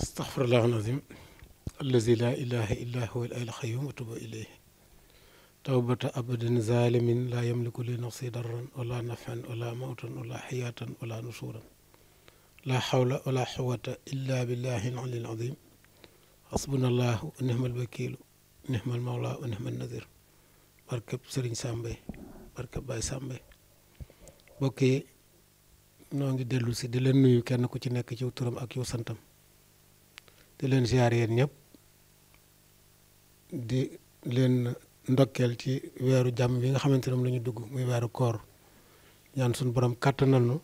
astaghfirullah alazim allazi la ilaha illa huwa al qayyum wa tubu ilayhi tawbata abadin zalimin la yamliku li nafsi darran wala nafan wala mawtan wala xiyatan wala nusuran la xawla wala xuwata illa billahi alali alazim xasbuna allahu wa nihmal wakiilu nihmal mawla wa nihmal nazir barkab sëriñ sàmbay barkab baay sàmbay bokk yi ngi dellu si di leen nuyu kenn ku ci nekk ci turam ak yow santam di leen ziar yéen ñëpp di leen ndokkeel ci weeru jàmm bi nga xamante ne moom la ñu dugg muy weeru koor ñaan suñu borom kàttanal nu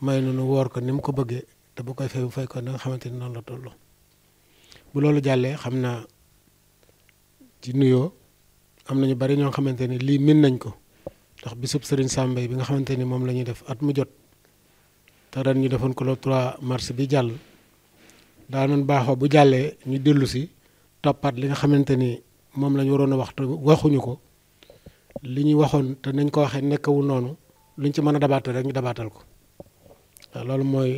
may nu nu woor ko ni mu ko bëggee te bu koy bu fay ko nga xamante ni noonu la toll. bu loolu jàllee xam naa ci nuyoo am nañu bari ñoo xamante ni lii min nañ ko ndax bisub Serigne Sam Mbaye bi nga xamante ni moom la ñuy def at mu jot te ren ñu defoon ko le 3 mars bi jàll. daa noon baaxoo bu jàllee ñu dellu si toppaat li nga xamante ni moom lañu waroon a waxtu waxuñu ko li ñu waxoon te nañ ko waxee nekkawul noonu luñ ci mën a dabaatal rek ñu dabaatal ko loolu mooy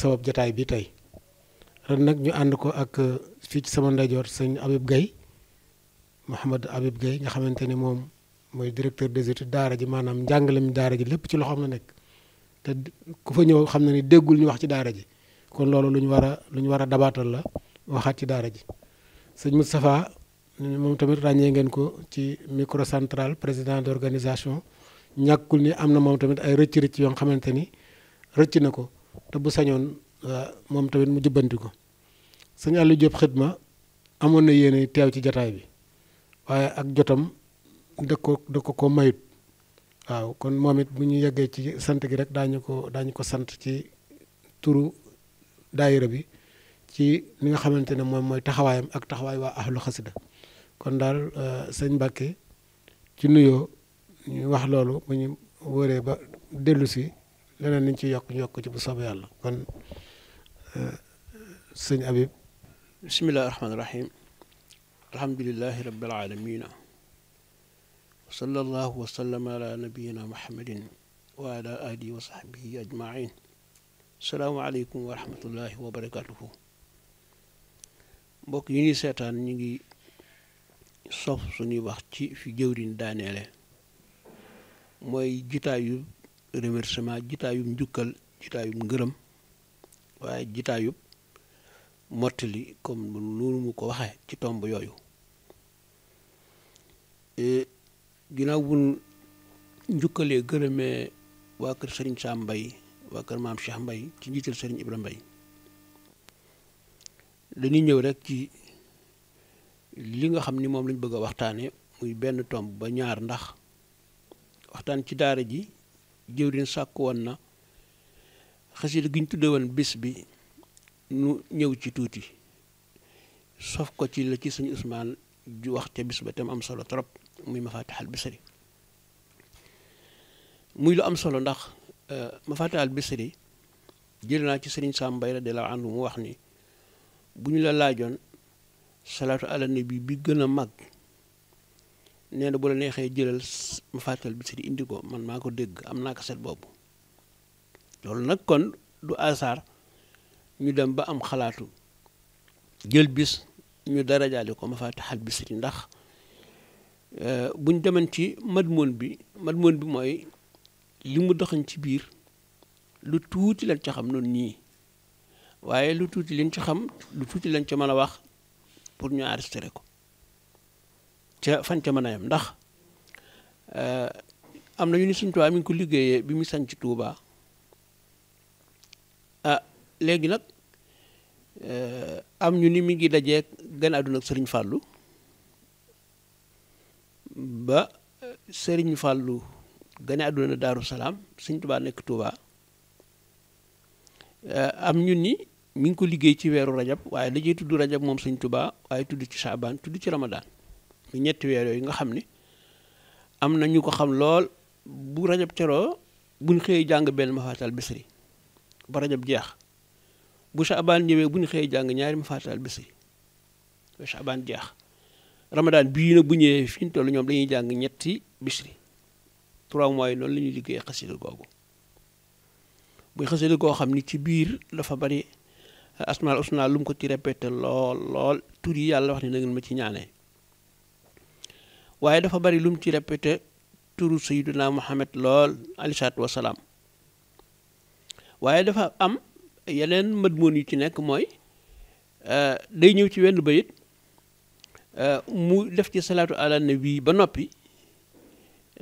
sabab jataay bii tey ren nag ñu ànd ko ak euh, fii ci sama ndeyjoor sëñ Habib Guèye Mouhamed Habib Guèye nga xamante ni moom mooy directeur des études daara ji maanaam njàngale mi daara ji lépp ci loxoom la nekk te ku fa ñëw xam ne ni déggul ñu wax ci daara ji kon loolu lu ñu war a lu ñu war a dabaatal la waxaat ci daara ji sëñ Moustapha moom tamit ràññee ngeen ko ci micro central président d' ñàkkul ni am na moom tamit ay rëcc rëcc yoo xamante ni rëcc na ko te bu sañoon euh, moom tamit mu jubbanti ko sëñ Aliou Diop xidma amoon na yéene teew ci jataay bi waaye ak jotam da ko da ko ko mayut waaw kon moom it bu ñu yeggee ci sant gi rek daañu ko daañu ko sant ci turu daayira bi ci li nga xamante ne moom mooy taxawaayam ak taxawaay waa ahlu xasida kon daal euh, sëñ Mbàkke ci nuyoo ñu wax loolu bu ñu wóoree ba dellu si leneen niñ ci yokk yokk ci bu soobee la kon euh, sëñ Habib bismillahi rahmaani rahim alhamdulilahi rabbil alamina wa sallallahu wa sallama ala nabiyina muhammadin wa alihi wa sahbihi salaamaaleykum wa rahmatullahi wa barakaatuhu mbokk yi ñuy seetaan ñu ngi sof suñuy wax ci fi jëwriñ daaneele mooy jitaayu remerciement jitaayub njukkal jitaayub ngërëm waaye jitaayub mottali comme noonu mu ko waxee ci tomb yooyu e, ginnaaw bu njukkalee gërëmee waa kër sëriñ Sam mbay waa kër maam Cheikh Mbaye ci njiital sëriñ Ibra Mbaye dañuy ñëw rek ci li nga xam ni moom lañ bëgg a waxtaane muy benn tomb ba ñaar ndax waxtaan ci daara ji jëwriñ sàkk woon na xasida gi ñu tudde woon bis bi nu ñëw ci tuuti sof ko ci la ci suñu Usmaan ju wax ca bis ba tam am solo trop muy mafaatixal bisri muy lu am solo ndax Euh, ma fàtte al bisri jël naa ci sëriñ Sam Mbaye radiyallahu anhu mu wax ni bu ñu la laajoon salaatu ala nabi bi gën a mag nee na bu la neexee jëlal ma fàtte al bisri indi ko man maa ko dégg am naa ko set loolu nag kon du asaar ñu dem ba am xalaatu jël bis ñu darajaale ko ma fatihal bisri ndax euh, buñ demen ci madmoon bi madmoon bi mooy li mu doxañ ci biir lu tuuti lañ ci xam noonu nii waaye lu tuuti liñ ci xam lu tuuti lañ ci mën a wax pour ñu enregistré ko ca fan ca mën a yem ndax euh, am na ñu ni Sëñ Tuubaa mi ngi ko liggéeyee bi mu sañ ci Tuubaa ah léegi nag euh, am ñu ni mi ngi dajee gën àdduna Sëriñ Fàllu ba Sëriñ Fàllu gane àdduna daaru salaam sëñ tubaa nekk Touba eh, am ñun ni mi ngi ko liggéey ci weeru rajab waaye dajee tudd rajab moom sëñ tubaa waaye tudd ci saabaan tudd ci ramadaan mu ñetti weer yooyu nga xam ni am na ñu ko xam lool bu rajab teroo buñ xëyee jàng benn mafaatal bisri ba rajab jeex bu saabaan ñëwee buñ xëyee jàng ñaari mafaatal bisri ba saabaan jeex ramadaan bii nag bu ñëwee fi toll ñoom dañuy jàng ñetti bisri trois mois yi loolu la ñuy liggéey xasida googu muy xasida koo xam ni ci biir dafa bari eh, asmaal usna lu ko ci répété lool lool tur yi yàlla wax ni na ngeen ma ci ñaanee waaye dafa bari lu mu ci répété turu naa Muhammad lool aleyhi salaatu wa waaye dafa am yeneen madmoon yi ci nekk mooy eh, day ñëw ci wenn bayit eh, mu def ci salaatu ala nabi ba noppi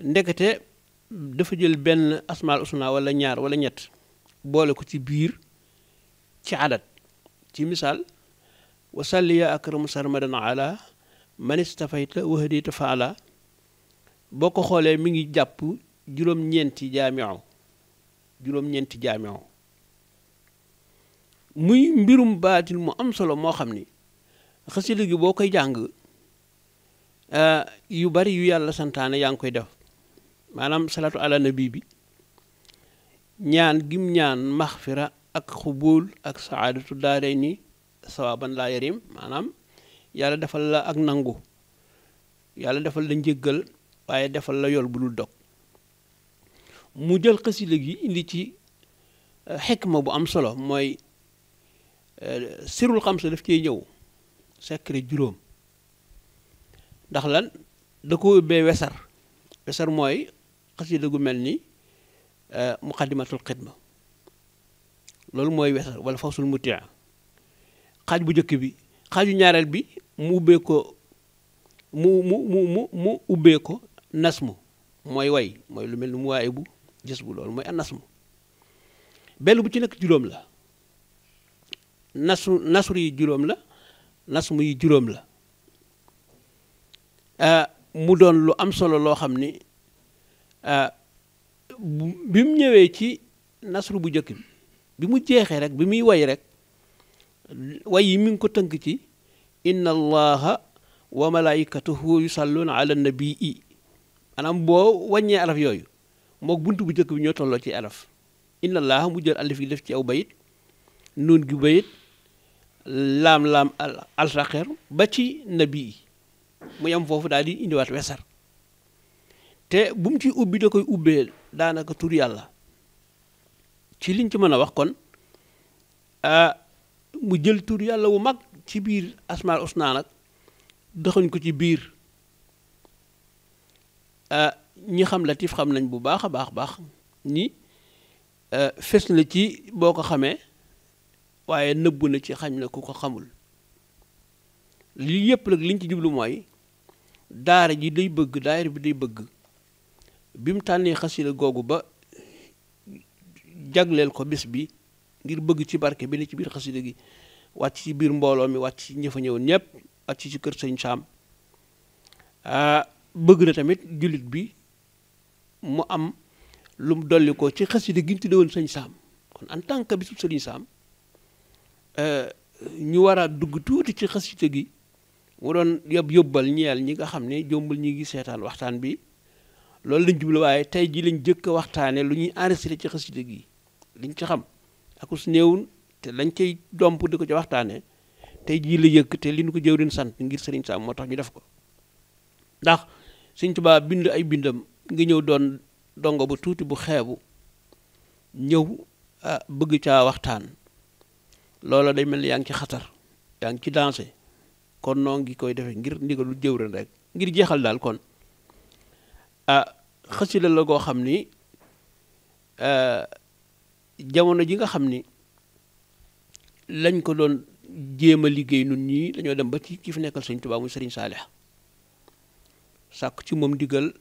ndekete dafa jël benn asmaal usna wala ñaar wala ñett boole ko ci biir ci adat ci misaal wa salli yaa akramu sarmadan ala man istafayta wahdita faala boo ko xoolee mi ngi jàpp juróom-ñeenti jaamio juróom muy mbirum baatin mu am solo moo xam ni xasida gi boo koy jàng ah, yu bari yu yàlla santaane yaa ngi koy def maanaam salatu ala nabi bi ñaan gim ñaan maxfira ak xubul ak saadatu daarey ni sawaban laa yarim maanaam yàlla defal la ak nangu yàlla defal la njëggal waaye defal la yool bu dul dog mu jël xasida gi indi ci eh, xikma bu am solo mooy eh, sirul xam sa daf cee ñëw secret juróom ndax lan da ko ubbee wesar wesar mooy xasida gu mel ni euh, muqaddimatul xidma loolu mooy wesal wala fawsul mutia xaaj bu njëkk bi xaaju ñaareel bi mu ubbee ko mu mu mu mu ubbee ko nasmu mooy way mooy lu mel ni mu waaye bu gis bu loolu mooy a nasmu benn bu ci nekk juróom la nasu nasur yi juróom la nasmu yi juróom la euh, mu doon lu am solo loo xam ni bi mu ñëwee ci nasru bu njëkk bi bi mu jeexee rek bi muy way rek way yi mi ngi ko tënk ci inna allaha wa malaikatuhu yusalluna ala nabii maanaam boo wàññee alaf yooyu mook bunt bu njëkk bi ñoo tolloo ci alaf inna allaha mu jël alif yi def ci aw bayit nuun gi bayit laam-laam alsaqer ba ci nabii mu yam foofu daal di indiwaat wesar te bu mu ciy ubbi da koy ubbee daanaka tur yàlla ci liñ ci mën a wax kon mu jël tuur yàlla wu mag ci biir asmaal usnaa nag dëxuñ ko ci biir ñi xam latif xam nañ bu baax a baax baax ni fes na ci boo ko xamee waaye nëbb na ci xañ na ku ko xamul li yépp nag liñ ci jublu mooy daara ji day bëgg daayir bi day bëgg bi mu tànnee xasida googu ba jagleel ko bis bi ngir bëgg ci barke bi ne ci biir xasida gi wàcc ci biir mbooloo mi wàcc ci ñëfa ñëwoon ñëpp wàcc ci kër sëñ Saam ah, bëgg na tamit jullit bi mu am lu mu dolli ko ci xasida gi sëñ Saam kon en tant que bisub sëriñ Saam eh, ñu war a dugg tuuti ci xasida gi mu doon yab yóbbal ñeel ñi nga xam ne jombul ñi ngi seetaan waxtaan bi loolu lañ jublu waaye tey jii lañu jëkk a waxtaane lu ñuy enregistré ci xasida gi liñ ci xam ak su te lañ cay domp di ko ci waxtaane tey jii la yëkk te li ñu ko jëwriñ sant ngir sëriñ Sam moo tax ñu def ko ndax sëñ Tuubaa bind ay bindam ngi ñëw doon dongo bu tuuti bu xeebu ñëw ah, bëgg caa waxtaan loola day mel ni yaa ngi ci xatar yaa ngi ci dansé kon noo ngi koy defee ngir ndigalu jëwriñ rek ngir jeexal daal kon ah la goo xam ni ah, jamono ji nga xam ni lañ ko doon jéem a liggéey nun ñi dañoo dem ba ci ki fi nekkal Sëriñ Tuubaa muy Sëriñ Saalix sàkk ci moom digal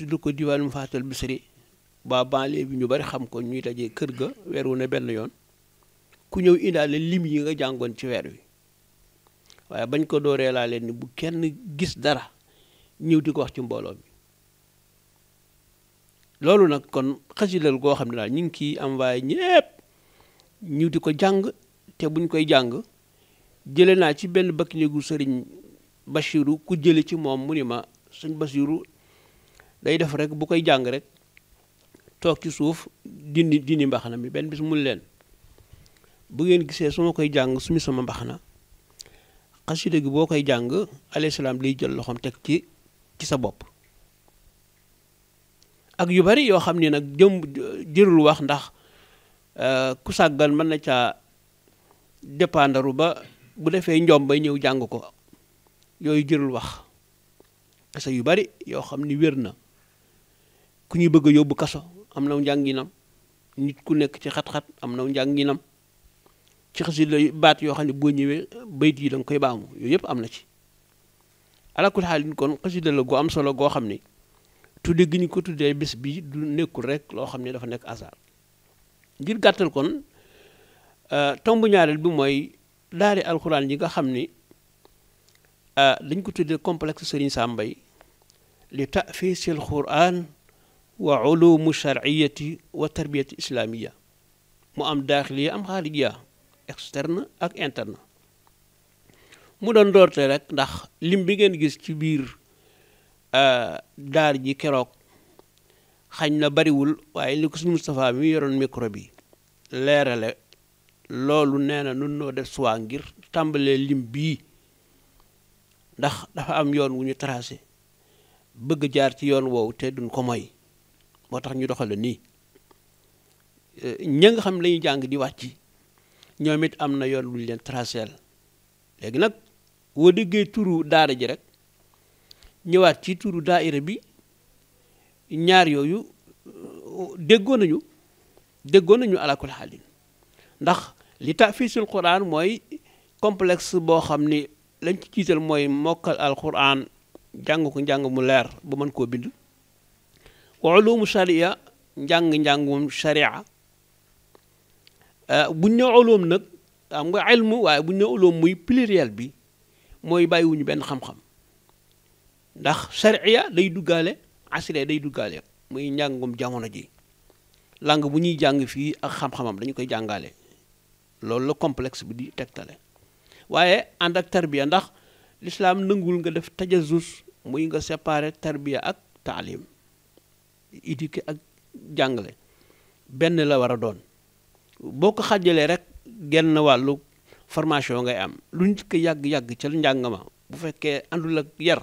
du ko diwaan mu faatal bisri ba banlieue bi ñu bari xam ko ñuy dajee kër ga weer wu ne benn yoon ku ñëw indaale lim yi nga jàngoon ci weer wi waaye bañ ko dooree laa leen bu kenn gis dara ñëw di ko wax ci mbooloo bi loolu nag kon xasilal goo xam ne daal ñu ngi kiy envoyé ñëpp ñu di ko jàng te buñ koy jàng jële naa ci benn bakk néegu sëriñ Bachiru ku jële ci moom mu ni ma suñ Bachiru day def rek bu koy jàng rek toog ci suuf dindi dindi mbaxana mi benn bis mun leen bu ngeen gisee suma koy jàng suñu sama mbaxana xasida gi boo koy jàng alayhi salaam lay jël loxoom teg ci ci sa bopp ak yu bari yoo xam ni nag jëm jërul wax ndax euh, ku sàggan mën na caa dépendaru ba bu defee njom ñëw jàng ko yooyu jërul wax kese yu bari yoo xam ni wér na ku ñuy bëgg a yóbbu kaso am na njànginam nit ku nekk ci xat-xat am na njànginam ci xasida baat yoo xam ne boo ñëwee bay yi da nga koy baamu yooyu yëpp am na ci alakul xaalin kon xasida la gu am solo goo xam ni tudde gi ñu ko tuddee bés bi nekkul rek loo xam ne dafa nekk hasard ngir gàttal kon euh, tomb ñaareel bi mooy daari alxuraan yi nga xam ni euh, dañ ko tuddee complexe Serigne Sam Mbaye li tafisil quran wa ulumu sharciyati wa tarbiyati islamiya mu am daaxiliya am xaarijiya externe ak intern mu doon doorte rek ndax lim bi ngeen gis ci biir Euh, daar ji keroog xañ na bariwul waaye li ko suñu Moustapha mi yoroon micro bi leerale loolu nee na nun noo def suwaa ngir tàmbalee lim bii ndax dafa am yoon wu ñu tracé bëgg jaar ci yoon woowu te duñ ko moy moo tax ñu doxale nii ña xam lañuy jàng di wàcc ñoom it am na yoon wu leen tracé léegi nag woo déggee turu daara ji rek ñëwaat ci turu daaira bi ñaar yooyu déggoon nañu déggoo nañu alakul xaalin ndax li tafisul quran mooy complexe boo xam ni lañ ci jiital mooy mokkal alquran jàng ko njàng mu leer ba mën koo bind wa ulumu sharia njàng-njàngum sharia euh, buñ ne ulum nag am nga ilmu waaye buñ ne ulum muy pluriel bi mooy bàyyiwuñu benn xam-xam ndax sariya day duggaale asriya day duggaale muy njàngum jamono ji langue bu ñuy jàng fii ak xam-xamam dañu koy jàngaale loolu la complexe bi di tegtale waaye ànd ak tarbiya ndax lislaam nanguwul nga def tajasus muy nga séparer tarbiya ak taalim éduquer ak jàngale benn la war a doon boo ko xajalee rek genn wàllu formation ngay am lu nit ko yàgg-yàgg ca njàng ma bu fekkee àndul ak yar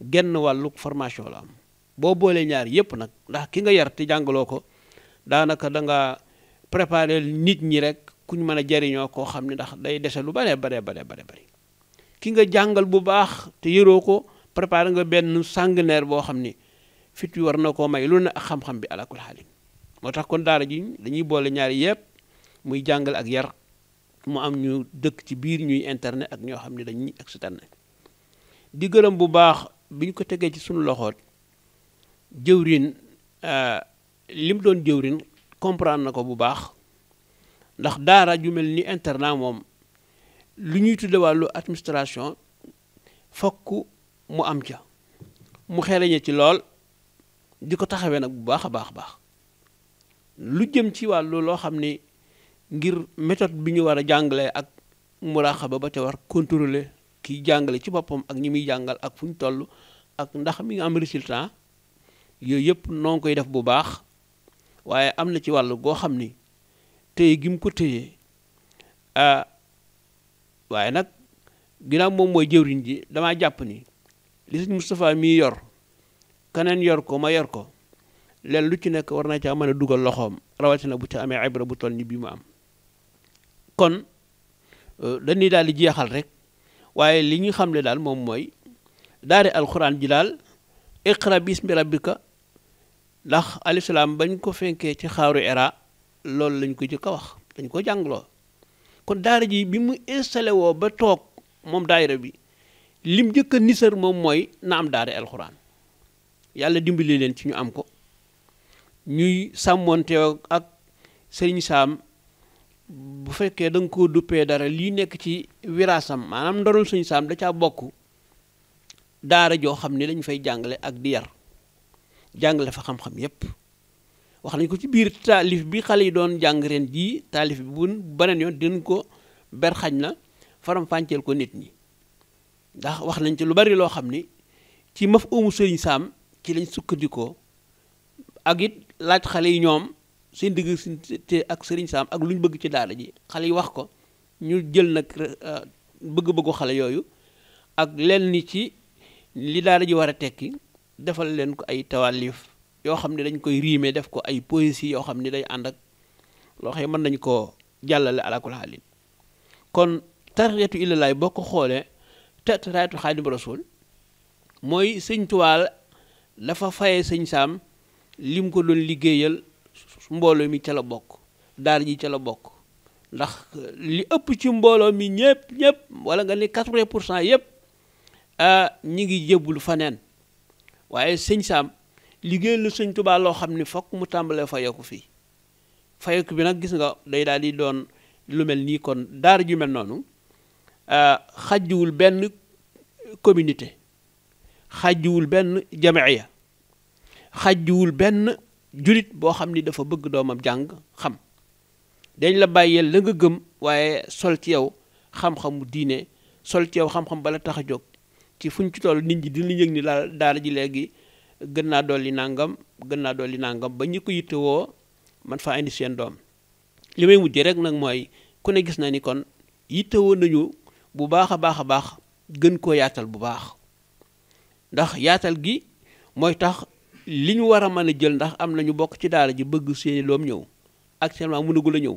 genn wàllu formation la am boo boolee ñaar yépp nag ndax ki nga yar te jàngaloo ko daanaka da nga préparer nit ñi rek ku ñu mën a jariñoo koo xam ne ndax day dese lu bare bare bare bare bari ki nga jàngal bu baax te yëroo ko préparer nga benn sanguinaire boo xam ni fit wi war na koo may lu ne ak xam-xam bi alakul xaalim moo tax kon daara ji dañuy boole ñaari yépp muy jàngal ak yar mu am ñu dëkk ci biir ñuy internet ak ñoo xam ne dañuy externe di gërëm bu bi ñu ko tegee ci suñu loxoot jëwrin euh, li mu doon jëwrin comprendre na ko bu baax ndax daara ju mel ni internat moom lu ñuy tudde wàllu administration fokk mu am ca mu xereñe ci lool di ko taxawee nag bu baax a baax baax lu jëm ci wàllu loo xam ni ngir méthode bi ñu war a jàngalee ak muraaxaba ba te war contrôler ki jàngale ci boppam ak ñi muy jàngal ak fu ñu toll ak ndax mi ngi am résultat yooyu yëpp noo koy def bu baax waaye am na ci wàll goo xam ni téye gim mu ko téye waaye nag ginnaaw moom mooy jëwriñ ji damaa jàpp ni li sëñ Moustapha mii yor keneen yor ko ma yor ko leen lu ci nekk war na caa mën a dugal loxoom rawatina bu ci amee ibra bu toll ni bii mu am kon euh, dañuy daal di jeexal rek waaye li ñu xam ne daal moom mooy daare alxuraan ji daal iqra bismi rabbika ndax alif salaam bañ ko fenkee ci xaaru era loolu lañ ko jëkk a wax dañ ko jàngloo kon daara ji bi mu installé woo ba toog moom daayira bi lim njëkk a moom mooy na am daara alxuraan yàlla dimbali leen ci ñu am ko ñuy sàmmoonte ak sëriñ saam bu fekkee danga ko koo duppee dara lii nekk ci wiraasam maanaam ndorul suñu saam da caa bokk daara joo xam ni dañ fay jàngale ak di yar jàngale fa xam-xam yépp wax nañ ko ci biir taalif bi xale yi doon jàng ren jii taalif bi bu beneen yoon dinañ ko ber xaj na faram-fàcceel ko nit ñi ndax wax nañ ci lu bari loo xam ni ci maf umu sëriñ saam ci lañ sukkandikoo ak it laaj xale yi ñoom seen digg te ak sëriñ saam ak lu ñu bëgg ci daara ji xale yu wax ko ñu jël nag euh, bëgg-bëggu xale yooyu ak lenn ci li daara ji war a tekki defal leen ko ay tawalif yoo xam ne dañ koy riime def ko ay poésie yoo xam ni day ànd ak loo xam mën nañ koo jàllale alakul xaalin kon tariyatu illallah boo ko xoolee tariyatu xaadim rasul mooy sëñ tuwaal dafa faye sëñ saam lim ko doon liggéeyal mbooloo mi ca la bokk daar ji ca la bokk ndax li ëpp ci mbooloo mi ñëpp ñëpp wala nga ni quatre-vingts pour cent yëpp ah, ñi ngi jébbul faneen waaye sëñ Saam liggéeyal na sëñ loo xam ni fokk mu tàmbalee fayeku fii fayeku bi nag gis nga day daal di doon lu mel nii kon daar ju mel noonu ah, xajjuwul benn communité xajjuwul benn ya xajjuwul benn julit boo xam ni dafa bëgg doomam jàng xam dañ la bàyyeel la nga gëm waaye sol ci yow xam-xamu diine sol ci yow xam-xam bala tax a jóg ci fuñ ci toll nit ñi dina yëg ni daal daara ji léegi gën naa dool dolli nàngam gën naa dool dolli nàngam ba ñi ko yittewoo man faa indi seen doom li may mujjee rek nag mooy ku ne gis na ni kon yittewoo nañu bu baax a baax a baax gën koo yaatal bu baax ndax yaatal gi mooy tax li ñu war a mën a jël ndax am na ñu bokk ci daara ji bëgg seeni loom ñëw actuellement mënagul a ñëw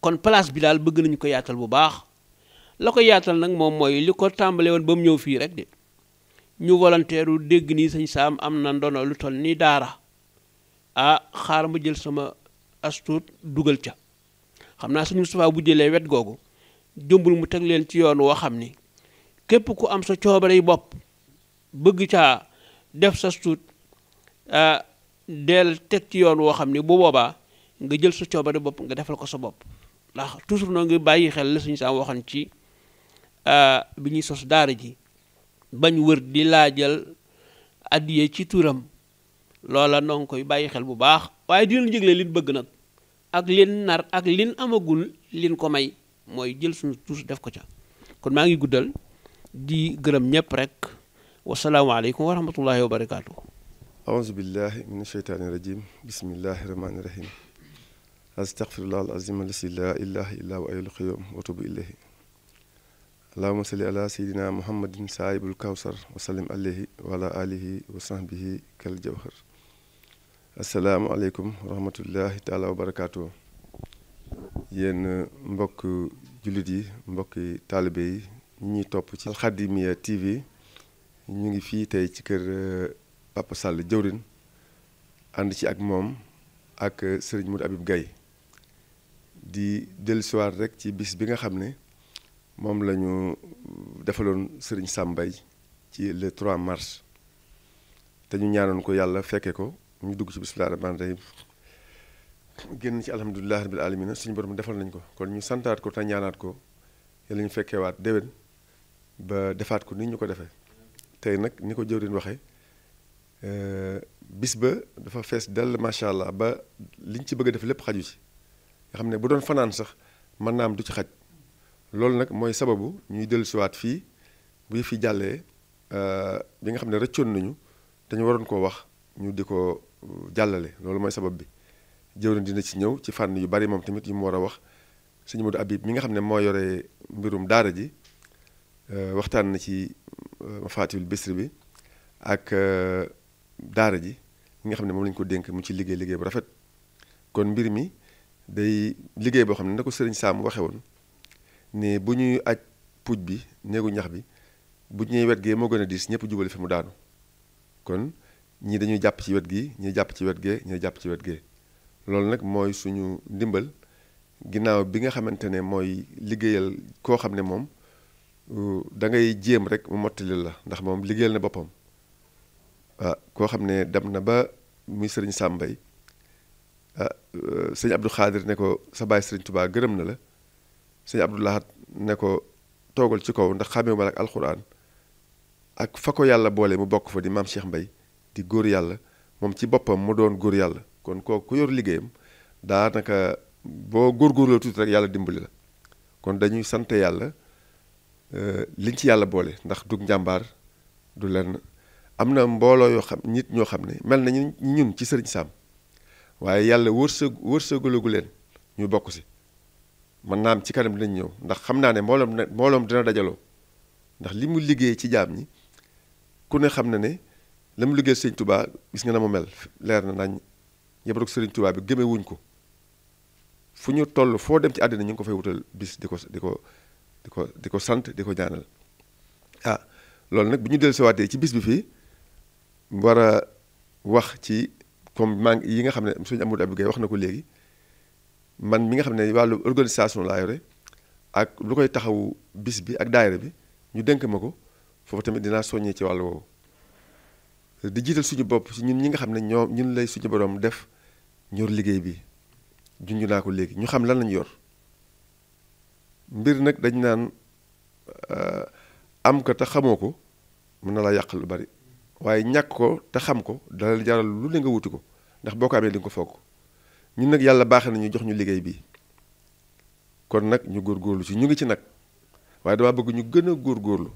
kon place bi daal bëgg nañu ko yaatal bu baax la ko yaatal nag moom mooy li ko tàmbale woon ba mu ñëw fii rek de ñu volontaire dégg nii sañ saam am na ndono lu toll nii daara ah xaar ma jël sama astuut dugal ca xam naa suñu Moustapha bu jëlee wet googu jëmbul mu teg leen ci yoon woo xam ni képp ku am sa coobare yi bopp bëgg caa def sa astuut Euh, del teg ci yoon woo xam ne bu boobaa nga jël sa coobare bopp nga defal ko sa bopp ndax toujours noo ngi bàyyi xel la suñ saa waxoon ci euh, bi ñuy sos daara ji bañ wër di laajal addiye ci tuuram loola noo koy bàyyi xel bu baax waaye di leen jégle bëgg nag ak lin nar ak lin amagul liin ko may mooy jël suñu tuus def ko ca kon maa ngi guddal di gërëm ñëpp rek wasalaamaaleykum wa rahmatullahi wa barakaatu. aousubillahi min asheytaani rajim bismillahi rahmaani rahim astaghfirullah al azim alasi seydina muhammadin saahibul kawsar wa sallim alayhi alihi wa sahbihi kal jawhar asalaamualeykum wa rahmatullahi taala mbokk jullit yi mbokki taalibe yi ñuy topp ci Al TV ñu ngi fii tey ci kër Papa Sall jëwrin ànd ci ak moom ak euh, sëriñ Moudou Habib gay di dellusiwaat rek ci bis bi nga xam ne moom lañu defaloon sëriñ Sàmbay ci le 3 mars te ñu ñaanoon ko yàlla fekke ko ñu dugg ci bismillahi rahmaani rahim génn ci alhamdulilahi rabil alamina suñu borom defal nañ ko kon ñu santaat ko te ñaanaat ko yàlla ñu fekkewaat déwén ba defaat ko ni ñu ko defee tey nag ni ko jëwrin waxee Euh, bis ba dafa fees dell macha allah ba liñ ci bëgg a def lépp xaju ci nga xam ne bu doon fanaan sax mën naa am du ci xaj loolu nag mooy sababu ñuy dellu siwaat fii bu fi jàllee bi euh, nga xam ne rëccoon nañu dañu waroon ko wax ñu di ko euh, jàllale loolu mooy sabab bi jëwriñ dina ci ñëw ci fànn yu bari moom tamit yu mu war a wax sëñ Modou Abib mi nga xam ne moo yore mbirum daara ji waxtaan na ci Mafaatihul Bichri bi ak daara ji li nga xam ne moom lañ ko dénk mu ci liggéey liggéey bu rafet kon mbir mi day liggéey boo xam ne na ko sëriñ Saam waxe woon ne bu ñuy aj puuj bi néegu ñax bi bu ñuy wet gee moo gën a diis ñëpp jubali fi mu daanu kon ñii dañuy jàpp ci wet gi ñii jàpp ci wet gee ñii jàpp ci wet gee loolu nag mooy suñu ndimbal ginnaaw bi nga xamante ne mooy liggéeyal koo xam ne moom euh, da ngay jéem rek mu mottali la ndax moom liggéeyal na boppam waaw euh, koo xam ne dem na ba muy sëriñ Sàmbay mbay sëñ Abdou Xaadir ne ko sa baay sëriñ Tubaa gërëm na la sëñ Abdou Lahat ne ko toogal ci kaw ndax xàmmewu ma ak alxuraan ak fa ko yàlla boole mu bokk fa di maam Cheikh Mbay di góor yàlla moom ci boppam mu doon góor yàlla kon kooku ku yor liggéeyam daanaka boo góorgóorloo tuuti rek yàlla dimbali la kon dañuy sant yàlla euh, liñ ci yàlla boole ndax dug njàmbaar du lenn am na mbooloo yoo xam nit ñoo xam ne mel nañu ñun ci sëriñ Sam waaye yàlla wërsëg wërsëgalagu leen ñu bokk si man naam ci kanam dinañ ñëw ndax xam naa ne mbooloom mbooloom dina dajaloo ndax li mu liggéey ci jaam ñi ku ne xam na ne la mu liggéey sëriñ Touba gis nga na mu mel leer na nañ yëpp sëriñ Touba bi gëmee wuñ ko fu ñu toll foo dem ci àddina ñu ngi ko fay wutal bis di ko di ko di ko di ko sant di ko ñaanal ah loolu nag bu ñu dellusiwaatee ci bis bi fii. war a wax ci comme maa ngi yi nga xam ne suñu amul Abdou Guèye wax na ko léegi man mi nga xam ne wàllu organisation laa yore ak lu koy taxawu bis bi ak daayira bi ñu dénk ma ko foofu tamit dinaa soññee ci wàllu woowu di jiital suñu bopp si ñun ñi nga xam ne ñoo ñun lay suñu borom def ñor liggéey bi junj naa ko léegi ñu xam lan lañu yor mbir nag dañ naan euh, am ko te xamoo ko mën na laa yàq lu bari waaye ñàkk ko te xam ko dalal jaral lu ne nga wuti ko ndax boo ko amee di nga ko foog ñun nag yàlla baaxee na ñu jox ñu liggéey bii kon nag ñu góorgóorlu ci ñu ngi ci nag waaye dama bëgg ñu gën a góorlu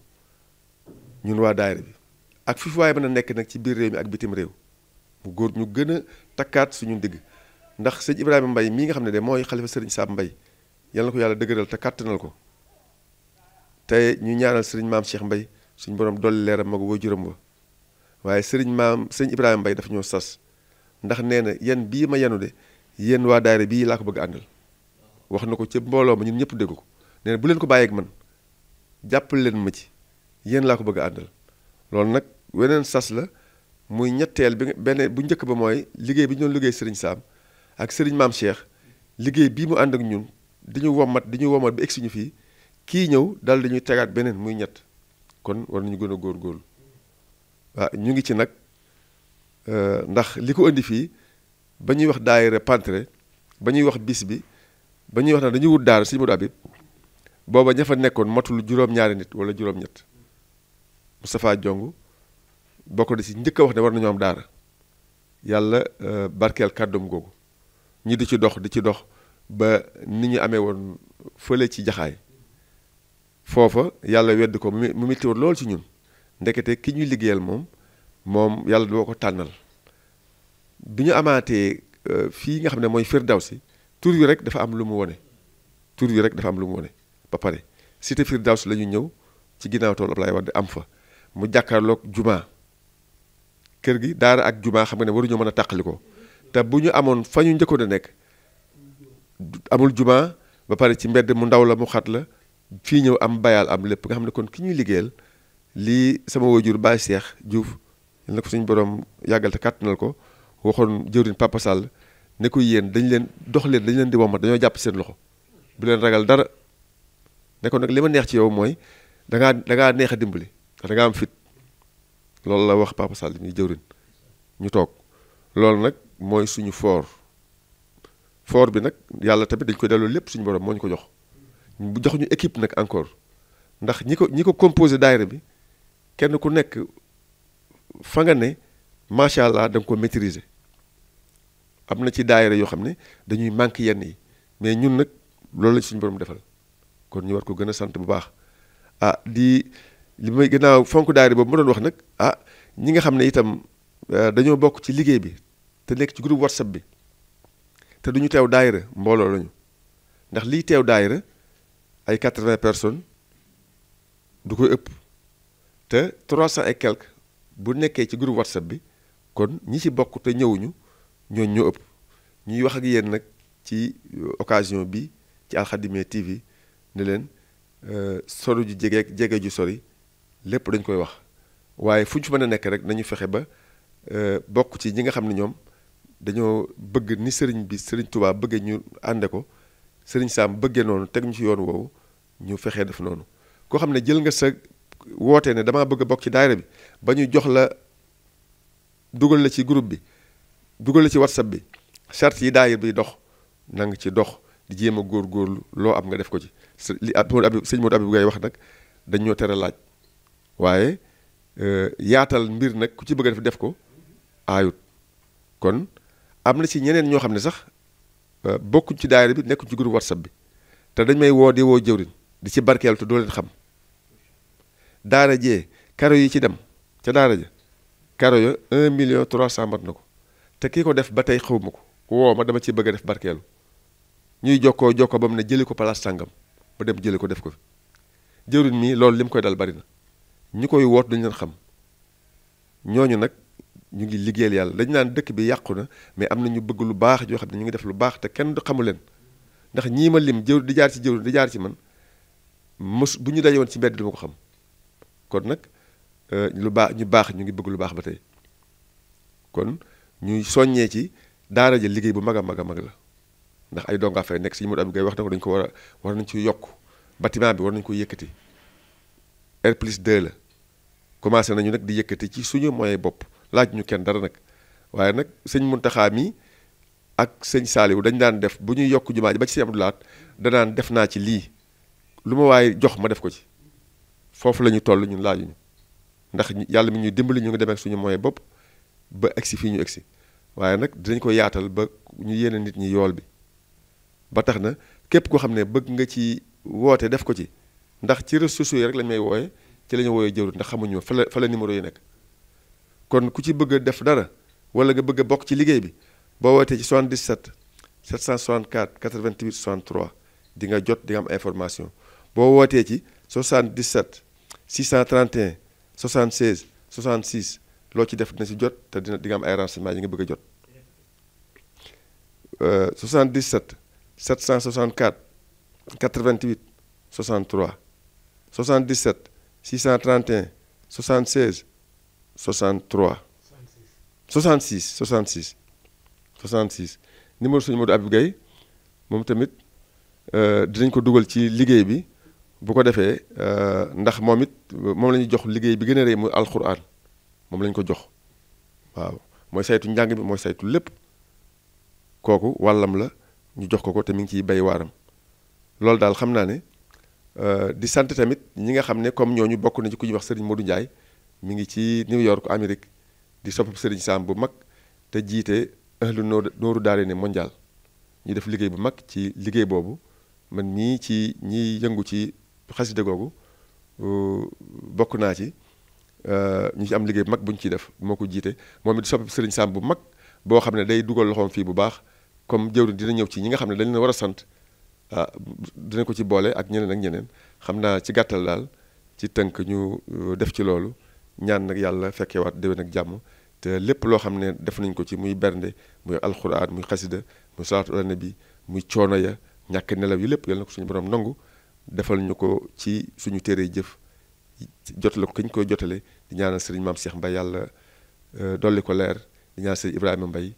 ñun waa daayira bi ak fi waaye mën a nekk nag ci biir réew mi ak bitim réew mu góor ñu gën a takkaat suñu ndigg ndax sëñ Ibrahima mbay mii nga xam ne de mooy xalifa sëriñ Saab mbay yal na ko yàlla dëgëral te kàttanal ko te ñu ñaanal sëriñ maam Cheikh Mbaye suñu borom dolli leeram mag wa juróom waaye sëriñ maam sëriñ Ibrahima bay daf ñoo sas ndax nee na yan bii ma yenu de yéen waa daayira bii laa ko bëgg àndal wax na ko ca mbooloo ma ñun ñëpp dégg ko nee bu leen ko bàyyeeg man jàppal leen ma ci yéen laa ko bëgg a àndal loolu nag weneen sas la muy ñetteel bi benn bu njëkk ba mooy liggéey bi ñu doon liggéey sëriñ Saam ak sëriñ maam Cheikh liggéey bii mu ànd ak ñun di ñu womat di ñu womat bi egg si ñu fii kii ñëw dal di tegaat beneen muy ñett kon war gën a góorgóorlu waaw ñu ngi ci nag euh, ndax li ko indi fii ba ñuy wax daayira pantre ba ñuy wax bis bi ba ñuy wax na dañuy wut daara sëñ Modou Habib booba ña fa nekkoon matul juróom-ñaari nit wala juróom-ñett Moustapha Diong bokk na si njëkk a wax ne war nañoo am daara yàlla euh, barkeel kàddum googu ñi di ci dox di ci dox ba ni ñu amee woon fële ci jaxaay foofa yàlla wedd ko mu mu metti woon ci ñun ndekete ki ñuy liggéeyal moom moom yàlla doo ko tànnal bi ñu amaatee euh, fii nga xam ne mooy Firdawsi tur wi rek dafa am lu mu wone tur wi rek dafa am lu mu wone ba pare cité Firdawsi la ñu ñëw ci ginnaaw tool Ablaye di am fa mu jàkkaarloog jumaa kër gi daara ak jumaa xam nga ne waruñoo mën a tàqali ko te bu ñu amoon fa ñu njëkkoon a nekk amul jumaa ba pare ci mbedd mu ndaw la mu xat la fii ñëw am bayal am lépp nga xam ne kon ki ñuy liggéeyal lii sama wajur Baye Cheikh Diouf na ko suñu boroom yàggal te kàttanal ko waxoon jëwriñ Papa Sall ne ko yéen dañ leen dox leen dañ leen di womat dañoo jàpp seen loxo bu leen ragal dara ne nag li ma neex ci yow mooy da ngaa da neex a dimbali da ngaa am fit loolu la wax Papa Sall mi jëwriñ ñu toog loolu nag mooy suñu foor foor bi nag yàlla tamit dañ ko delloo lépp suñu borom moo ñu ko jox bu jox ñu équipe nag encore ndax ñi ko ñi ko composé daayira bi kenn ku nekk fa nga ne macha allah da ko maîtriser am na ci daayira yoo xam ne dañuy manqué yenn yi mais ñun nag loolu la suñu borom defal kon ñu war ko gën a sant bu baax ah di li may gannaaw fonk daayira boobu ma doon wax nag ah ñi nga xam ne itam euh, dañoo bokk ci liggéey bi te nekk ci groupe whatsapp bi te duñu teew daayira mbooloo lañu ndax liy teew daayira ay quatre-vingts personnes du ko ëpp. te trois cent et quelque bu nekkee ci groupe whatsapp bi kon ñi ci bokk te ñëwuñu ñooñ ñoo ëpp ñuy wax ak yéen nag ci euh, occasion bi ci Alxadimiyyah TV ne leen euh, sori ju jege jege ju sori lépp dañ koy wax waaye fu ñu fi mën a nekk rek nañu fexe ba euh, bokk ci ñi nga xam ne ñoom dañoo bëgg ni sëriñ bi sëriñ tubaab bëggee ñu ànde ko sëriñ Saam bëggee noonu teg ñu ci yoon woowu ñu fexee def noonu koo xam ne jël nga sa wootee ne damaa bëgg a bokk ci daayira bi ba ñu jox la dugal la ci groupe bi dugal la ci whatsapp bi charte yi daayira bi dox na nga ci dox di jéem a góorgóorlu loo am nga def ko ci li ab sëñ Modou Abib Gaye wax nag dañ ñoo laaj waaye euh, yaatal mbir nag ku ci bëgg a def ko aayut kon am na ci ñeneen ñoo xam ne sax euh, bokkuñ ci daayira bi nekkuñ ci groupe whatsapp bi te dañ may woo di woo jëwrin di ci barkeel te doo leen xam daara jee karo yi ci dem ca daara ja karo ya un million trois cent mat na ko te kii ko def ba tey xaw ma ko woo ma dama ci bëgg a def barkeelu ñuy jokkoo jokkoo ba mu ne jëli ko palaas sàngam mu dem jëli ko def ko fi jëwriñ mii loolu li koy dal bari na ñi koy woot duñu leen xam ñooñu nag ñu ngi liggéeyal yàlla dañu naan dëkk bi yàqu na mais am na ñu bëgg lu baax joo xam ne ñu ngi def lu baax te kenn du xamu leen ndax ñii ma lim jëw di jaar ci jëw di jaar ci man mos bu ñu dajewoon ci mbedd xam kon nag euh, lu baax ñu baax ñu ngi bëgg lu baax ba tey kon ñuy soññee ci daara ja liggéey bu mag a mag a mag la ndax ay dongaa fay nekk si Modou Abib Gaye wax na ko dañ ko war a war nañ ci yokk bâtiment bi war nañu ko yëkkati R plus 2 la commencé nañu nag di yëkkati ci suñu moyen bopp laaj ñu kenn dara nag waaye nag sëñ Muntaxa mi ak sëñ Saaliwu dañ daan def bu ñuy yokk jumaa ji ba ci laat Abdulaat danaan def naa ci lii lu ma waaye jox ma def ko ci foofu la ñu toll ñun laajuñu ndax yàlla mi ñuy dimbali ñu ngi demee ak suñu moyen bopp ba egsi fii ñu egsi waaye nag dinañ ko yaatal ba ñu yéene nit ñi yool bi ba tax na képp koo xam ne bëgg nga ci woote def ko ci ndax ci réseaux sociaux yi rek lañ may wooye ci lañuy ñu wooyee jëwriñ ndax xamuñu ma fa la numéro yi nekk kon ku ci bëgg a def dara wala nga bëgg a bokk ci liggéey bi boo wootee ci 77 764 88 63 di nga jot di nga am information boo wootee ci 77 631 76 66 loo ci def dina si jot te dina di am ay renseignements yi nga bëgg a jot 77 764 88 63 77 631 76 63 66 66 66 numéro suñu Modou Abib Gaye moom tamit euh, dinañ ko dugal ci liggéey bi bu ko defee euh, ndax moom it moom la ñuy jox liggéey bi gën a rëy muy alxuraan moom lañ ko jox waaw mooy saytu njàng bi mooy saytu lépp kooku wàllam la ñu jox ko ko te mi ngi ciy bay waaram loolu daal xam naa ne euh, di sant tamit ñi nga xam ne comme ñoo ñu bokk na ci ku ñuy wax sëriñ Serigne du Ndiaye mi ngi ci New York Amérique di soppab Serigne Sam bu mag te jiite ahlu nooru daare ne mondial ñu def liggéey bu mag ci liggéey boobu man ñii ci ñiy yëngu ci xasida googu euh, bokk naa ci euh, ñu ci am liggéey bu mag bu ñu ciy def moo ko jiite moom it sopp sëriñ Sam bu mag boo xam ne day dugal loxoom fii bu baax comme jëwriñ dina ñëw ci ñi nga xam ne dañ leen war a sant ah dina ko ci boole ak ñeneen ak ñeneen xam naa ci gàttal daal ci tënk ñu euh, def ci loolu ñaan nag yàlla fekkewaat déwén nag jàmm te lépp loo xam ne def nañ ko ci muy bernde muy alxuraan muy xasida muy salaatu ala nabi muy coono ya ñàkk nelaw yi lépp yal na suñu borom nangu defal ñu ko ci suñu téere jëf jotale ko ki ñu koy jotale di ñaanal sëriñ maam Cheikh Mbaye yàlla euh, dolli ko leer di ñaanal sëriñ Ibrahima Mbaye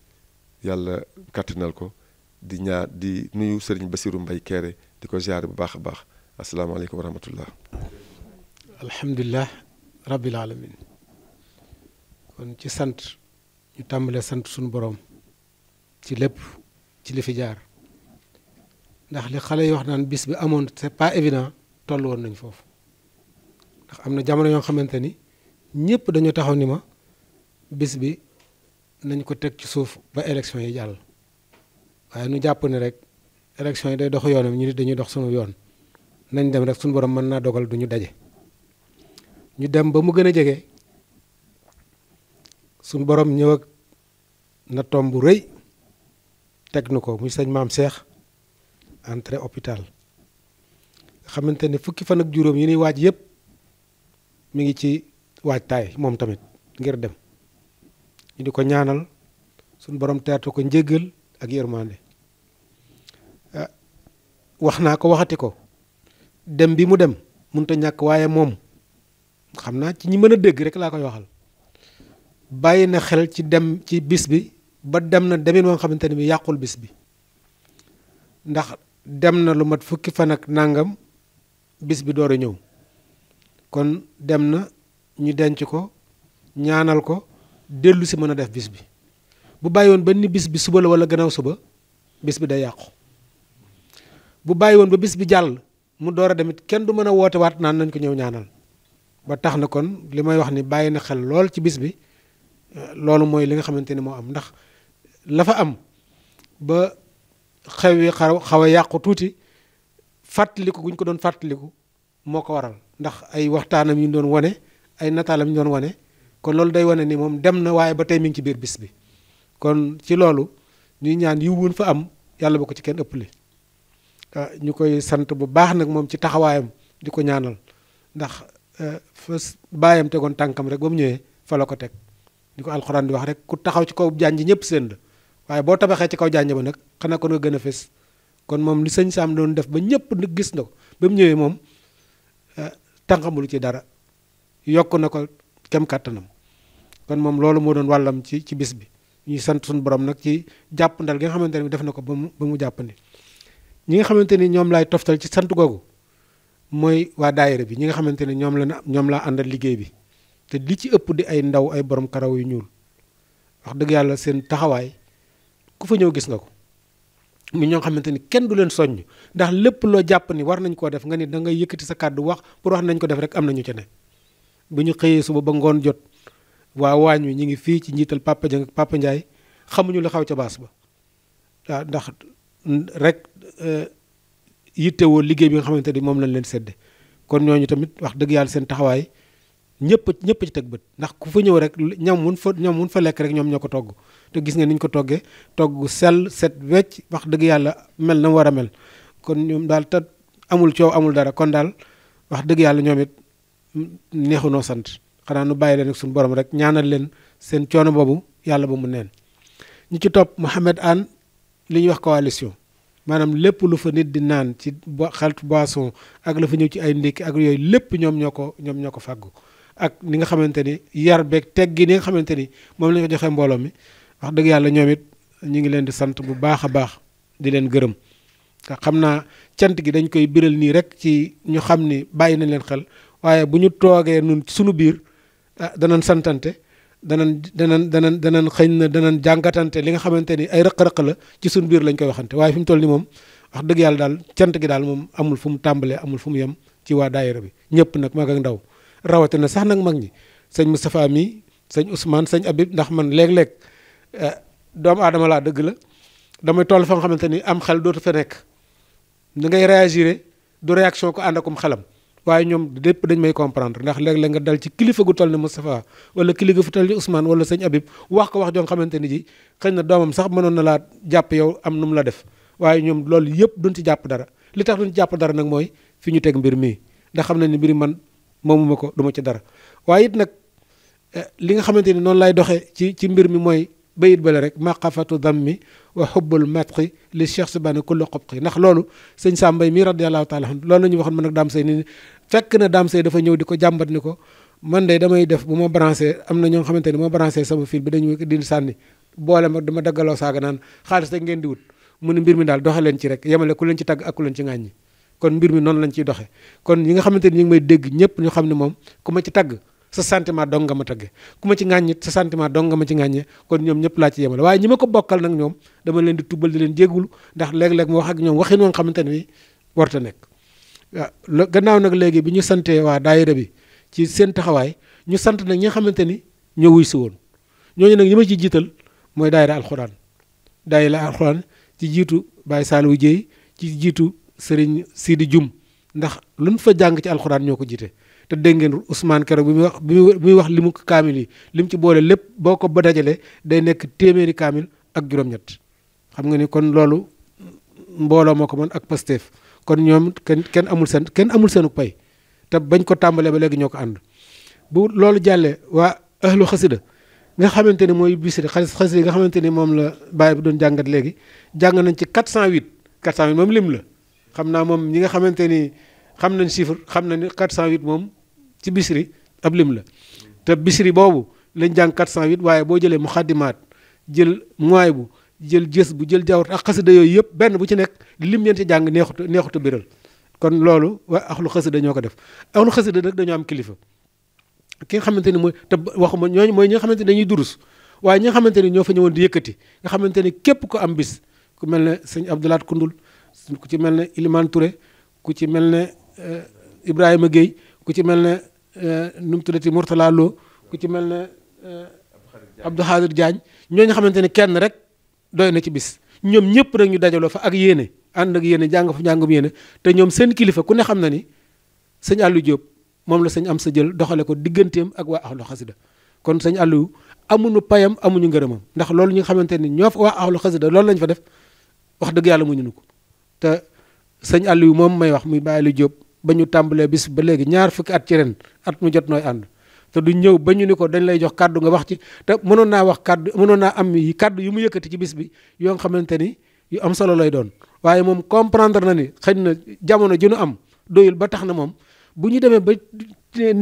yàlla kàttanal ko di ñaar di nuyu sëriñ basiiru mbay Kéré di ko ziare bu baax a baax asalaamaaleykum wa rahmatullah alhamdulilah rabbil alamin kon ci sant ñu tàmbalee sant suñu boroom ci lépp ci li fi jaar ndax li xale yi wax naan bis bi amoon c'est pas évident toll woon nañ foofu ndax am na jamono yoo xamante ni ñëpp dañu taxaw ni ma bis bi nañ ko teg ci suuf ba élection yi jàll waaye nu jàpp ni rek élection yi day dox yoonam ñu nit dañuy dox sunu yoon nañ dem rek suñu borom mën naa dogal duñu daje ñu dem ba mu gën a jege suñu borom ñëw ak na tomb rëy teg nu ko muy sëñ maam Cheikh entrée hôpital xamante ne fukki fan ak juróom yi ñuy waaj yépp mu ngi ci waajtaay moom tamit ngir dem ñu di ko ñaanal suñ borom teertu ko njéggal ak yërmande ah, wax naa ko waxati ko dem bi mu dem mënut a ñàkk waaye moom xam naa ci ñi mën a dégg rek laa koy waxal bàyyi na xel ci dem ci bis bi ba dem na demin woo nga xamante ne bi yàqul bis bi ndax dem na lu mat fukki fan ak nangam bis bi door a ñëw kon dem na ñu denc ko ñaanal ko dellu si mën a def bis bi bu bàyyi woon ba ni bis bi suba la wala gannaaw suba bis bi day yàqu bu bàyyi woon ba bis bi jàll mu door a demit kenn du mën a woote waat naan nañ ko ñëw ñaanal ba tax na kon li may wax ni bàyyi na xel lool ci bis bi loolu mooy li nga xamante ni moo am ndax la fa am ba xew yi xaw xaw a yàqu tuuti fàttaliku guñ ko doon fàttaliku moo ko waral ndax ay waxtaanam yu ñu doon wane ay nataalam yu doon wane kon loolu day wane ni moom dem na waaye ba tey mi ngi ci biir bis bi kon ci loolu ñuy ñaan yiw woon fa am yàlla ba ko ci kenn ëpp ëppale ah, ñu koy sant bu baax nag moom ci taxawaayam di ko ñaanal ndax eh, fa baayam tegoon tànkam rek ba mu ñëwee fa la ko teg ni ko alxuraan di wax rek ku taxaw ci kaw jànj ñëpp seen la waaye boo tabaxee ci kaw jànj ba nag xanaa kon nga gën a fes kon moom li sëñ Saam doon def ba ñëpp gis na ko ba mu ñëwee moom eh, tànqamul ci dara yokk na ko kem kàttanam kon moom loolu moo doon wàllam ci ci bis bi ñuy sant suñu borom nag ci jàppandal gi nga xamante ne def na ko ba mu ba mu jàppandi ñi nga xamante ni ñoom laay toftal ci sant googu mooy waa daayira bi ñi nga xamante ne ñoom la ñoom laa àndal liggéey bi te li ci ëpp di ay ndaw ay borom karaw yu ñuul wax dëgg yàlla seen taxawaay ku fa ñëw gis nga ko ñu ñoo xamante ni kenn du leen soññ ndax lépp loo jàpp ni war nañ koo def nga ni da nga yëkkati sa kàddu wax pour wax nañ ko def rek am nañu ca ne bu ñu xëyee suba ba ngoon jot waa waañ wi ñu ngi fii ci njiital Papa Dieng ak xamuñu lu xaw ca baas ba waaw ndax rek euh, yittewoo liggéey bi nga xamante ni moom lañ leen sedde kon ñooñu tamit wax dëgg yàlla seen taxawaay ñëpp ñëpp ci teg bët ndax ku fa ñëw rek ñam mun fa ñam mun fa lekk rek ñoom ñoo ko togg te gis nga ni ñu ko toggee togg sell set wecc wax dëgg yàlla mel na mu war a mel kon ñoom daal te amul coow amul dara kon daal wax dëgg yàlla ñoom it neexu noo sant xanaa nu bàyyi leen suñ suñu borom rek ñaanal leen seen coono boobu yàlla ba mu neen ñu ci topp Mouhamed Anne li ñuy wax coalition maanaam lépp lu fa nit di naan ci xaltu boisson ak la fa ñëw ci ay ndékki ak yooyu lépp ñoom ñoo ko ñoom ñoo ko fàggu ak ni nga xamante ni yar beeg teg gi ni xamante ni moom lañu ko joxee mbooloo mi wax dëgg yàlla ñoom it ñu ngi leen di sant bu baax a baax di leen gërëm nga xam naa cant gi dañ koy biral nii rek ci ñu xam ni bàyyi nañ leen xel waaye bu ñu toogee nun suñu biir ah santante danañ danañ danañ danañ xëñ na danañ jàngatante li nga xamante ni ay rëq-rëq la ci suñu biir lañ koy waxante waaye fi mu toll ni moom wax dëgg daal cant gi daal moom amul fu mu tàmbalee amul fu mu yem ci waa daayira bi ñëpp nag mag ak ndaw rawatina sax nag mag ñi sëñ Moustapha mi sëñ Ousmane sëñ Abib ndax man léeg-léeg eh, doomu adama laa dëgg la damay toll fa nga xamante ni am xel dootu fa nekk ni ngay réagir du réaction ko ànd kum xelam waaye ñoom lépp dañ may comprendre ndax léeg-léeg nga dal ci kilifa gu toll ni Moustapha wala kilifa gu toll ni Ousmane wala sëñ Abib wax ko wax joo xamante ni ji xëy na doomam sax mënoon na laa jàpp yow am nu mu la def waaye ñoom loolu yëpp duñ ci jàpp dara li tax duñ jàpp dara nag mooy fi ñu teg mbir mii moomuma ko duma ci dara waaye nag eh, li nga xamante ni noonu lay doxee ci ci mbir mi mooy bayit bale rek maqafatu dammi wa xubbul matqi li cheikh subhana kullu xobqi ndax loolu sëñ sàmbay mi radiallahu taala an loolu ñu waxoon man nag daam say ni fekk na daam say dafa ñëw di ko jàmbat ni ko man de damay def bu ma branché am na ñoo nga xamante ni ma branché sama fil bi dañu di sànni boole ma dama daggaloo saaga naan xaalis rek ngeen di wut mu ne daal doxe leen ci rek yemale ku leen ci tagg ak ku leen ci ŋàññi kon mbir mi noonu lañ ciy doxee kon ñi nga xamante ni ñu ngi may dégg ñëpp ñu xam ne moom ku ma ci tagg sa sentiment dong nga ma tagge ku ma ci ŋàññit sa sentiment dong nga ma ci ŋàññee kon ñoom ñëpp laa ci yemale waaye ñi ma ko bokkal nag ñoom dama leen di tubal di leen jegul ndax léeg-léeg ma wax ak ñoom waxin woo nga xamante ne bi warta nekk gannaaw nag léegi bi ñu santee waa daayira bi ci seen taxawaay ñu sant nag ñi nga xamante ni ñoo wuy si woon ñooñu nag ñi ma ci jiital mooy daayira alxuraan daayira alxuraan ci jiitu Baye Saliou Dieye ci jiitu sëriñ di Jum ndax luñ fa jàng ci alxuraan ñoo ko jiite te dégg ngeen Ousmane keroog bi muy wax bi muy wax limu kaamil yi lim ci boole lépp boo ko ba dajalee day nekk téeméeri kaamil ak juróom-ñett xam nga ni kon loolu mbooloo moo ko mën ak Pastef kon ñoom kenn kenn amul seen kenn amul seenu pay te bañ ko tàmbalee ba léegi ñoo ko ànd bu loolu jàllee waa ahlu xasida nga xamante ne mooy bisiri xas xasida yi nga xamante ni moom la bàyyi bi doon jàngat léegi jàng nañ ci 408 408 moom lim la xam naa moom ñi nga xamante ni xam nañ chiffre xam na ni 408 moom ci bisiri ab lim la te bisri boobu lañ jàng 408 waaye boo jëlee muxaddimaat jël mooy bu jël jës bu jël jawwat ak xasida yooyu yëpp benn bu ci nekk lim yeen ci jàng neexut neexut biral kon loolu waa lu xasida ñoo ko def axlu xasida nag dañoo am kilifa ki nga xamante ni mooy te waxuma ñooñu mooy ñi nga xamante ni dañuy durus waaye ñi nga xamante ni ñoo fa ñëwoon di yëkkati nga xamante ni képp ko am ku mel ne sëñ Abdoulaat Kundul ku ci mel ne Ilimane Touré ku ci mel ne euh, Ibrahima Gueye ku ci mel ne euh, nu mu tuddati Mourtala Lo ku ci mel ne euh, Abdou Khadir Diagne ñooñu xamante ne kenn rek doo na ci bis ñoom ñëpp rek ñu dajaloo fa ak yéene ànd ak yéene jàng fa jàngum yéene te ñoom seen kilifa ku ne xam na ni sëñ Aliou Diop moom la sëñ am sa jël doxale ko digganteem ak waa Ahlu Xasida kon sëñ Aliou amuñu payam amuñu ngërëmam ndax loolu ñu nga xamante ni ñoo fa waa Ahlu Xasida loolu lañ fa def wax dëgg yàlla muñu ko te sëñ àll yi moom may wax muy bàyyi lu jóob ba ñu tàmbalee bis ba léegi ñaar fukki at ci ren at mu jot nooy ànd te du ñëw ba ñu ni ko dañ lay jox kàddu nga wax ci te mënoon naa wax kàddu mënoon naa am kàddu yu mu yëkkati ci bis bi yoo xamante ni yu am solo lay doon waaye moom comprendre na ni xëy na jamono ji nu am doyul ba tax na moom bu ñu demee ba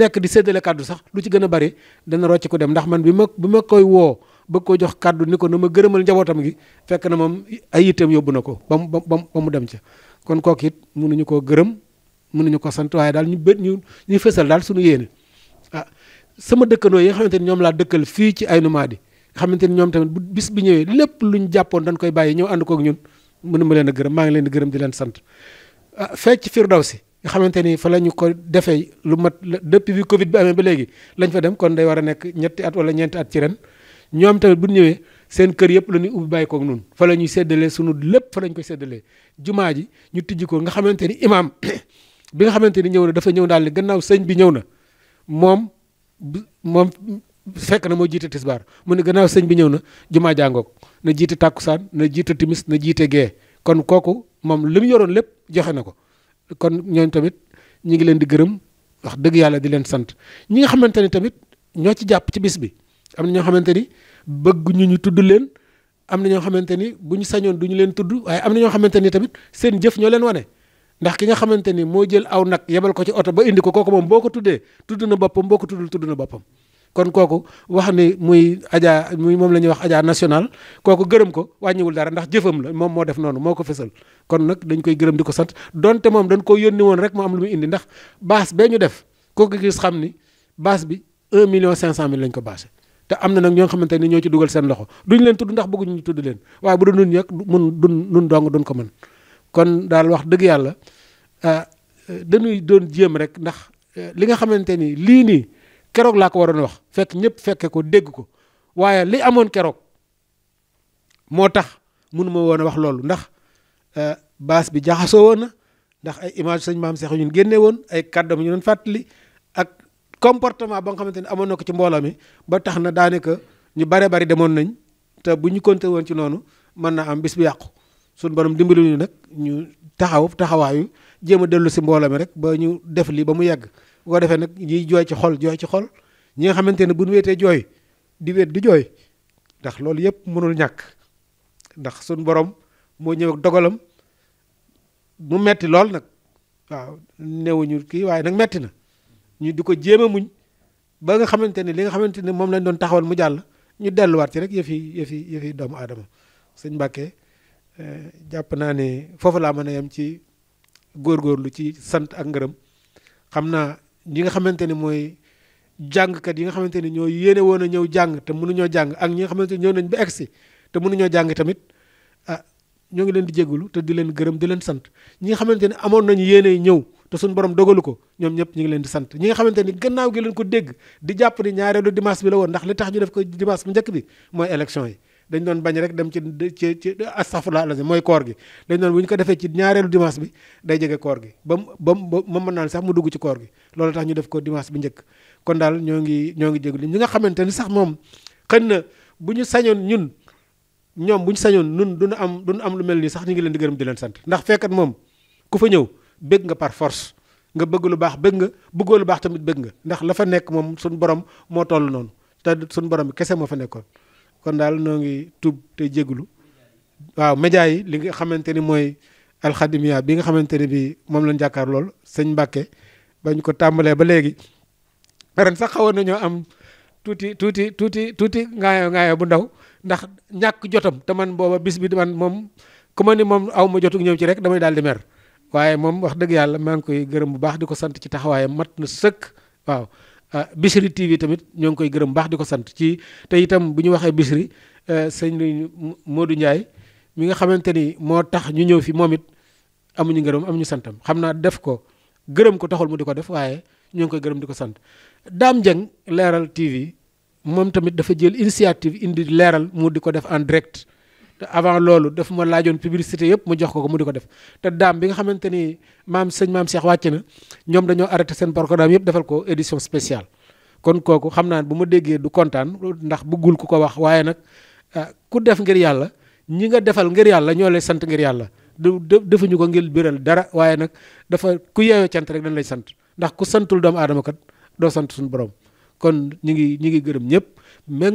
nekk di séddale kàddu sax lu ci gën a bari dana rocc ko dem ndax man bi ma bi ma koy woo bëgg koo jox kàddu ni ko na ma gërëmal njabootam gi fekk na moom ay yitteem yóbbu na ko ba mu ba mu dem ca kon kooku it mënuñu koo gërëm mënuñu ko sant waaye daal ñu bët ñu ñu fësal daal suñu yéene ah sama dëkkandoo yi xamante ni ñoom laa dëkkal fii ci Aynu Maadi xamante ni ñoom tamit bu bis bi ñëwee lépp luñ jàppoon dañ koy bàyyi ñëw ànd kook ñun mënuma leen a maa ngi leen gërëm di leen sant ah fecc Firdawsi nga xamante ni fa la ñu ko defee lu mat depuis bi Covid bi amee ba léegi lañ fa dem kon day war a nekk ñetti at wala ñeenti at ci ren ñoom tamit bu ñëwee seen kër yëpp la ñuy ubbi bàyyi koog nun fa la ñuy séddalee sunu lépp fa la ñu koy séddalee jumaa ji ñu tijji ko nga xamante ni imaam bi nga xamante ni ñëw na dafa ñëw daal ne gannaaw sëñ bi ñëw na moom moom fekk na moo jiite tisbaar mu ne gannaaw sëñ bi ñëw na jumaa jàngoog na jiite tàkkusaan na jiite timis na jiite gee kon kooku moom li mu yoroon lépp joxe na ko kon ñooñ tamit ñi ngi leen di gërëm wax dëgg yàlla di leen sant ñi nga xamante ni tamit ñoo ci jàpp ci bis bi am na ñoo xamante ni bëgg ñu ñu tudd leen am na ñoo xamante ni bu ñu sañoon du leen tudd waaye am na ñoo xamante ni tamit seen jëf ñoo leen wane ndax ki nga xamante ni moo jël aw nag yebal ko ci oto ba indi ko kooku moom boo ko tuddee tudd na boppam tuddul tudd na boppam kon kooku wax ni muy aja muy moom la ñuy wax ajaa national kooku gërëm ko wàññiwul dara ndax jëfam la moom moo def noonu moo ko fësal kon nag dañ koy gërëm di ko sant donte moom dañ koo yónni woon rek mu am lu muy indi ndax baas bee ñu def kooku gis xam ni baas bi 1 million 500 mille lañ ko baase te am na nag ñoo xamante ni ñoo ci dugal seen loxo duñ leen tudd ndax bëgguñ ñu tudd leen waaye bu du nun ñëg mun dun nun dong duñ ko mën kon daal wax dëgg yàlla ah, dañuy doon jéem rek ndax eh, li nga xamante ni lii nii keroog laa ko waroon wax fekk ñëpp fekke ko dégg ko waaye li amoon keroog moo tax mënuma woon a wax loolu ndax eh, baas bi jaxasoo woon na ndax ay image sëñ maam Seex yu ñu woon ay kàddu ñu doon fàttali comportement ba nga xamante ni amoon na ko ci mbooloo mi ba tax na daanaka ñu bare bari demoon nañ te bu ñu compté woon ci noonu mën na am bis bi yàqu suñu borom dimbali ñu nag ñu taxaw taxawaayu jéem a dellu si mbooloo mi rek ba ñu def lii ba mu yegg bu ko defee nag ñiy jooy ci xol jooy ci xol ñi nga xamante ne bu ñu wéetee jooy di wéet du jooy ndax loolu yëpp mënul ñàkk ndax suñu boroom moo ñëw dogalam mu metti lool nag waaw newuñu kii waaye nag metti na ñu di ko jéem a muñ ba nga xamante ne li nga xamante ne moom lañ doon taxawal mu jàll ñu delluwaat ci rek yëfi yëfi yëfi doomu aadama sëñ Mbàkke eh, jàpp naa ne foofu laa mën a yem ci góorgóorlu ci sant ak ngërëm xam naa ñi nga xamante ne mooy jàngkat yi nga xamante ne ñoo yéene woon a ñëw jàng te mënuñoo jàng ak ñi nga xamante ne ñëw nañ ba egsi te mënuñoo jàng tamit ah ñoo ngi leen di jégalu te di leen gërëm di leen sant ñi nga xamante ne amoon nañu yéene ñëw te suñu borom dogalu ko ñoom ñëpp ñu ngi leen di sant ñi nga xamante ni gannaaw gi leen ko dégg di jàpp ni ñaareelu dimanche bi la woon ndax li tax def ko dimanche bu njëkk bi mooy élection yi dañ doon bañ rek dem ci ci ci astafurlah lazim mooy koor gi bu ñu ko defee ci ñaareelu dimanche bi day jege koor gi ba mu ba mu mën naa sax mu dugg ci koor gi loolu tax ñu def ko dimanche bi njëkk kon daal ñoo ngi ñoo ngi jégalu ñi nga xamante ni sax moom xëy na bu ñu sañoon ñun ñoom bu ñu sañoon nun duñu am duñu am lu mel nii sax ñu ngi leen di gërëm di leen sant ndax fekkat moom ku fa ñëw bëgg nga par force nga bëgg lu baax bëgg nga bëggoo lu baax tamit bëgg nga ndax la fa nekk moom suñu borom moo toll noonu te suñu borom bi kese moo fa nekkoon kon daal noo ngi tub te jéglu yi li nga xamante ni mooy alxadimia bi nga xamante ne bi moom lañ jàkkaar lool sëñ Mbàkke bañ ko tàmbalee ba léegi ren sax xawoon nañoo am tuuti tuuti tuuti tuuti ngaayo ngaayo bu ndaw ndax ñàkk jotam te man booba bis bi man moom ku ma ni moom aw ma jotu ñëw ci rek damay daal di mer waaye moom wax dëgg yàlla maa ngi koy gërëm bu baax di ko sant ci taxawaayam mat na sëkk waaw ah, Bichri TV tamit ñoo ngi koy gërëm baax di ko sant ci te itam bu ñu waxee Bichri eh, sëñ Modou Ndiaye mi nga xamante ni moo tax ñu ñëw fi moom it amuñu gërëm amuñu santam xam naa def ko gërëm ko taxul mu di ko def waaye ñoo ngi koy gërëm di ko sant daam Dieng Leeral TV moom tamit dafa jël initiative indi Leeral mu di ko def en direct te avant loolu daf ma laajoon publicité yëpp mu jox ko ko mu di ko def te daam bi nga xamante ni maam sëñ maam Cheikh wàcc na ñoom dañoo arrêté seen programme yëpp defal ko édition spéciale. kon kooku xam naa bu ma déggee du kontaan ndax bëggul ku ko wax waaye nag ah, ku def ngir yàlla ñi nga defal ngir yàlla ñoo lay sant ngir yàlla du defuñu ko ngir biral dara waaye nag dafa ku yeewee cant rek dañ lay sant ndax ku santul doomu aadama kat doo sant suñ borom kon ñi ngi ñi ngi gërëm ñëpp mais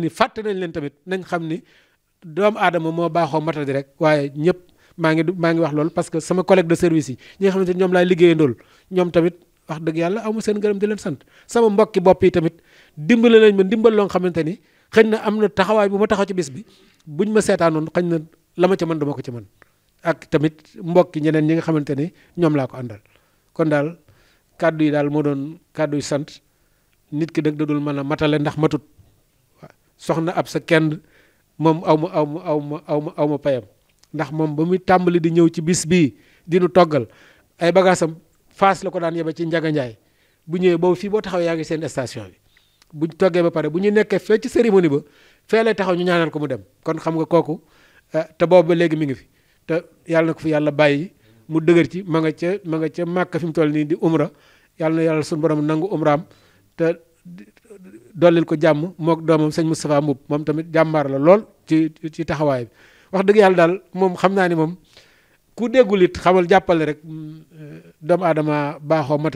ni fàtte nañ leen tamit nañ xam ni doomu aadama moo baaxoo matal matadi rek waaye ñëpp maa ngi du maa ngi wax loolu parce que sama collègue de service yi ñi nga xamante ni ñoom laay liggéeyandool ñoom tamit wax dëgg yàlla amu seen gërëm di leen sant sama mbokki bopp yi tamit dimbale lañ ma dimbal loo xamante ni xëñ na am na taxawaay bu ma taxaw ci bis bi buñ ma seetaanoon xëñ na la ma ca mën dama ko ci mën ak tamit mbokki ñeneen ñi nga xamante ni ñoom laa ko àndal kon daal kàddu yi daal moo doon kàddu yu sant nit ki nag da mën a matale ndax matut soxna ab sa moom aw ma aw ma aw ma aw ma aw ma payam ndax moom ba muy tàmbali di ñëw ci bis bii di nu toggal ay bagaasam faas la ko daan yebe ci Njaga Njaay bu ñëwee boobu fii boo taxaw yaa ngi seen station bi buñ toggee ba pare bu ñu nekkee fee ci cérémonie ba fee lay taxaw ñu ñaanal ko mu dem kon xam nga kooku eh, te boobu ba léegi mi ngi fi te yàlla na ko fi yàlla bàyyi mu dëgër ci ma nga ca ma nga ca màkk fi mu toll nii di umra yàlla na yàlla suñu borom nangu umraam dollil ko jàmm mook doomam sëñ Moustapha Mboup moom tamit jàmbaar la lool ci ci taxawaay bi wax dëgg yàlla daal moom xam naa ni moom ku déggul it xamal jàppale rek mm, euh, doomu aadama baaxoo